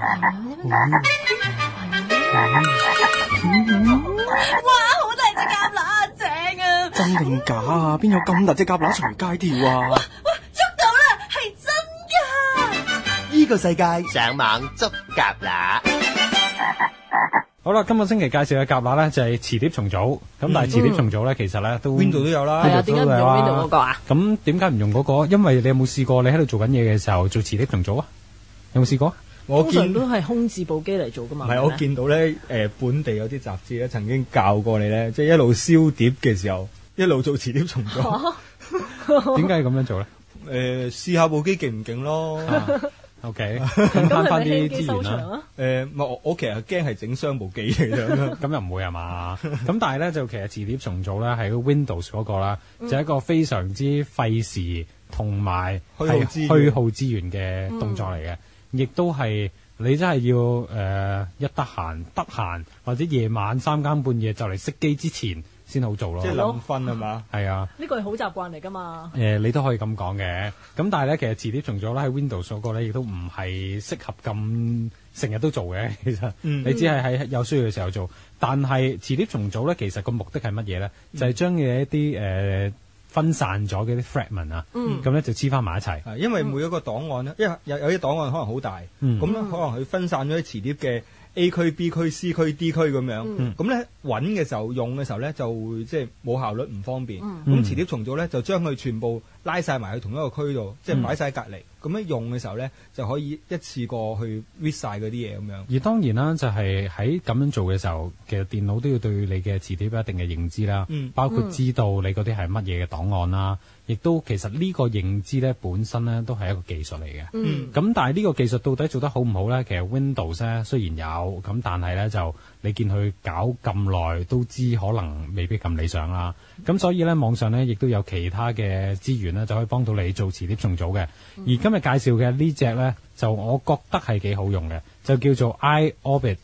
哇！好大隻甲乸，正啊！真定假啊？邊有咁大隻甲乸隨街跳啊？哇！捉到啦，係真噶。呢個世界上網捉甲乸。好啦，今個星期介紹嘅甲乸咧就係磁碟重組咁，但係磁碟重組咧其實咧都邊度都有啦。點解用邊度嗰個啊？咁點解唔用嗰個？因為你有冇試過你喺度做緊嘢嘅時候做磁碟重組啊？有冇試過？我見，通常都係空置部機嚟做噶嘛。係我見到咧，誒、呃，本地有啲雜誌咧，曾經教過你咧，即係一路燒碟嘅時候，一路做磁碟重組。點解 要咁樣做咧？誒、呃，試下部機勁唔勁咯？O K，慳翻啲資源啦、啊。誒、嗯，我我，我其實驚係整傷部機嘅，咁咁又唔會係嘛。咁 但係咧，就其實磁碟重組咧，係 Windows 嗰個啦、嗯，就係、一個非常之費時同埋係虛耗資源嘅動作嚟嘅。嗯亦都係你真係要誒一得閒，得閒或者夜晚三更半夜就嚟熄機之前先好做咯。即係攤分吖嘛？係啊，呢個係好習慣嚟㗎嘛。誒，你都可以咁講嘅。咁但係咧，其實磁碟重組咧喺 Windows 嗰個咧，亦都唔係適合咁成日都做嘅。其實，你只係喺有需要嘅時候做。但係磁碟重組咧，其實個目的係乜嘢咧？就係將嘅一啲誒。分散咗啲 fragment 啊、嗯，咁咧就黐翻埋一齊。因為每一個檔案咧，因為有有啲檔案可能好大，咁、嗯、呢可能佢分散咗啲磁碟嘅 A 區、B 區、C 區、D 區咁樣，咁咧揾嘅時候、用嘅時候咧，就會即係冇效率、唔方便。咁、嗯、磁碟重組咧，就將佢全部拉晒埋去同一個區度，即係擺晒隔離，咁、嗯、樣用嘅時候咧，就可以一次過去 read 曬嗰啲嘢咁樣。而當然啦，就係喺咁樣做嘅時候，其實電腦都要對你嘅磁碟有一定嘅認知啦、嗯，包括知道你啲係乜嘢嘅檔案啦，亦、嗯、都其實呢個認知咧本身咧都係一個技術嚟嘅。咁、嗯、但係呢個技術到底做得好唔好咧？其實 Windows 咧雖然有，咁但係咧就你見佢搞咁耐都知，可能未必咁理想啦。咁、嗯、所以咧網上咧亦都有其他嘅資源。就可以幫到你做磁碟重組嘅，而今日介紹嘅呢隻咧，就我覺得係幾好用嘅，就叫做 IObit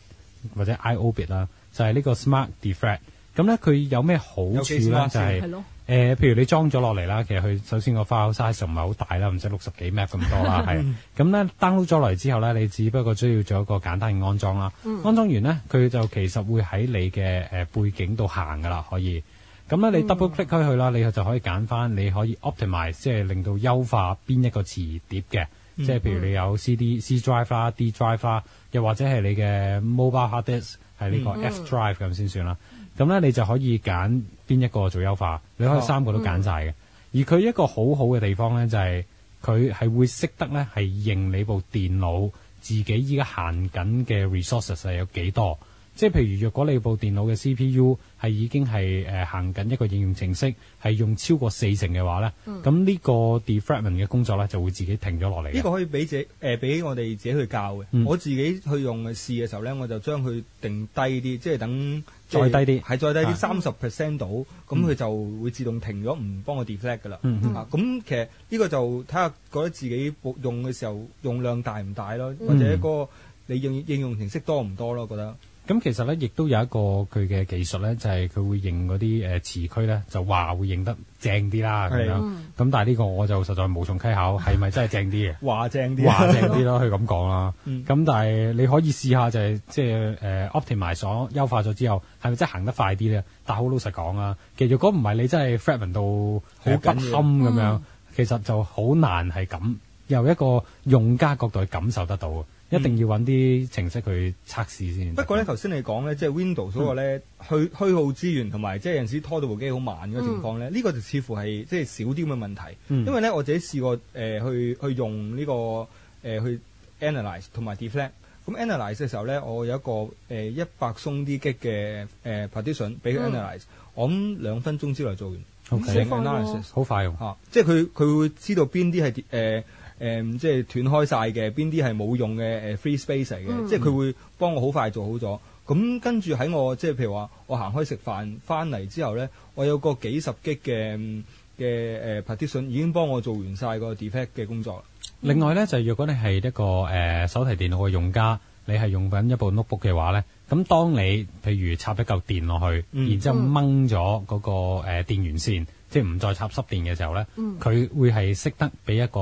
或者 IObit 啦，就係呢個 smart defrag 咁咧，佢有咩好處咧？就係誒，譬如你裝咗落嚟啦，其實佢首先個 file size 唔係好大啦，唔使六十幾 m p 咁多啦，係。 咁咧 download 咗落嚟之後咧，你只不過需要做一個簡單嘅安裝啦。安裝完咧，佢就其實會喺你嘅誒、呃、背景度行噶啦，可以。咁咧，你 double click 佢去啦、嗯，你就可以揀翻你可以 optimize，即係令到優化邊一個磁碟嘅、嗯，即係譬如你有 C D、嗯、C drive 啦、D drive 啦，又或者係你嘅 mobile hard disk 係、嗯、呢個、嗯、F drive 咁先算啦。咁咧，你就可以揀邊一個做優化，你可以三個都揀晒嘅。而佢一個好好嘅地方咧、就係，就係佢係會識得咧，係認你部電腦自己依家行緊嘅 resources 係有幾多。即係，譬如若果你部電腦嘅 C P U 係已經係誒、呃、行緊一個應用程式，係用超過四成嘅話咧，咁、嗯、呢個 defragment 嘅工作咧就會自己停咗落嚟。呢、呢個可以俾自己俾、呃、我哋自己去教嘅、嗯。我自己去用試嘅時候咧，我就將佢定低啲，即係等即係再低啲，係再低啲三十 percent 度，咁佢、嗯、就會自動停咗，唔幫我 defrag 噶啦。咁、嗯啊、其實呢個就睇下覺得自己用嘅時候用量大唔大咯、嗯，或者嗰個你用應用程式多唔多咯？覺得。咁其實咧，亦都有一個佢嘅技術咧，就係、是、佢會認嗰啲誒磁區咧，就話會認得正啲啦咁樣。咁但係呢個我就實在無從稽考，係咪真係正啲嘅？話正啲，話正啲咯，佢咁講啦。咁、 嗯、但係你可以試下、就是，就係、是、即係、呃、Optimize 咗，優化咗之後，係咪真係行得快啲咧？但好老實講啊，其實如果唔係你真係 fragment 到好不堪咁樣，嗯、其實就好難係咁由一個用家角度去感受得到。一定要揾啲程式去測試先、嗯。不過咧，頭先你講咧，即係 Windows 嗰個咧虛虛耗資源同埋即係有陣時拖到部機好慢嘅情況咧，呢、嗯呢個就似乎係即係少啲咁嘅問題。嗯、因為咧，我自己試過、呃、去去用呢、這個、呃、去 analyze 同埋 deflect 咁 analyze 嘅時候咧，我有一個一百鬆啲激嘅 partition 俾佢 analyze 我諗兩分鐘之內做完，好、okay, 嗯、快喎、哦嗯。即係佢佢會知道邊啲係誒、嗯、即係斷開晒嘅，邊啲係冇用嘅 free space 嚟嘅、嗯，即係佢會幫我好快做好咗。咁、嗯、跟住喺我即係譬如話，我行開食飯翻嚟之後咧，我有個幾十 G 嘅嘅 partition 已經幫我做完晒個 defect 嘅工作，嗯。另外咧就係，如果你係一個誒、呃、手提電腦嘅用家，你係用緊一部 notebook 嘅話咧，咁當你譬如插一嚿電落去，嗯、然之後掹咗嗰個電、呃、電源線。嗯嗯即係唔再插濕電嘅時候咧，佢、嗯、會係識得俾一個、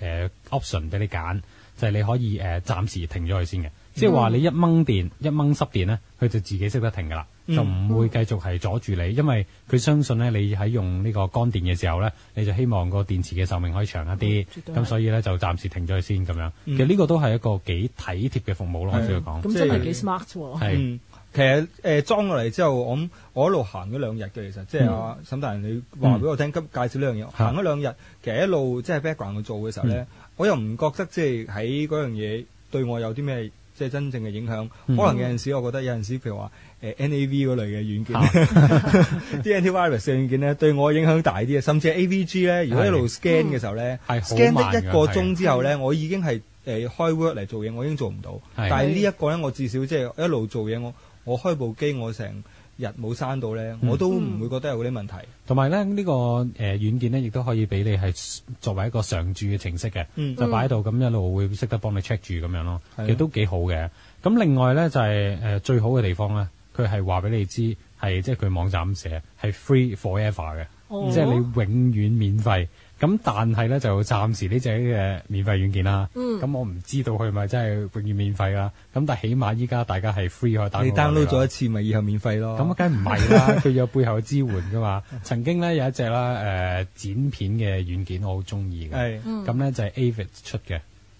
呃、option 俾你揀，就係、是、你可以誒、呃、暫時停咗佢先嘅、嗯。即係話你一掹電一掹濕電咧，佢就自己識得停㗎啦，就唔會繼續係阻住你、嗯，因為佢相信咧你喺用呢個乾電嘅時候咧，你就希望個電池嘅壽命可以長一啲，咁、嗯、所以咧就暫時停咗佢先咁樣、嗯。其實呢個都係一個幾體貼嘅服務咯、嗯，我都要講。咁真係幾 smart 喎！其實誒、呃、裝落嚟之後，我我一路行咗兩日嘅，其實即係啊、嗯、沈大人你，你話俾我聽，急介紹呢樣嘢，行、嗯、咗兩日，其實一路即係 background 去做嘅時候咧、嗯，我又唔覺得即係喺嗰樣嘢對我有啲咩即係真正嘅影響、嗯。可能有陣時我覺得有陣時，譬如話誒、呃、N A V 嗰類嘅軟件，D、啊、 N T virus 嘅軟件咧，對我影響大啲甚至係 A V G 咧，如果一路 scan 嘅時候咧、嗯、scan 得一個鐘之後咧，我已經係誒、呃、開 w o r k 嚟做嘢，我已經做唔到。但係呢一個咧，我至少即係一路做嘢我。我開部機，我成日冇閂到咧，我都唔會覺得有啲問題。同埋咧，呢、這個誒、呃、軟件咧，亦都可以俾你係作為一個常駐嘅程式嘅，嗯，就擺喺度咁一路會識得幫你 check 住咁樣咯。其實、啊、都幾好嘅。咁另外咧就係，是呃、最好嘅地方咧，佢係話俾你知係即係佢網站咁寫係 free forever 嘅。即係你永遠免費，咁、哦、但係咧就暫時呢隻嘅免費軟件啦。咁、嗯、我唔知道佢係咪真係永遠免費啦。咁但係起碼依家大家係 free 可以 download。你 download 咗一次，咪以後免費咯？咁梗係唔係啦，佢 有背後嘅支援噶嘛。曾經咧有一隻啦，誒、呃、剪片嘅軟件我好中意嘅。咁咧就係 Avid 出嘅，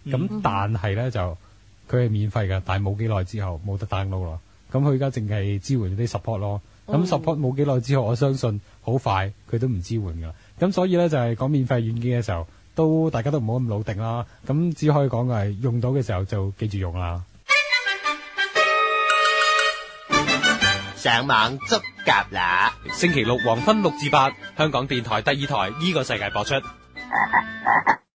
咁、嗯、但係咧就佢係免費噶，但係冇幾耐之後冇得 download 咯。咁佢而家淨係支援啲 support 咯。咁、嗯、support 冇幾耐之後，我相信好快佢都唔支援㗎啦。咁所以呢，就係、是、講免費軟件嘅時候，都大家都唔好咁老定啦。咁只可以講嘅係用到嘅時候就記住用啦。上網捉蛤啦！星期六黃昏六至八，香港電台第二台依、這個世界播出。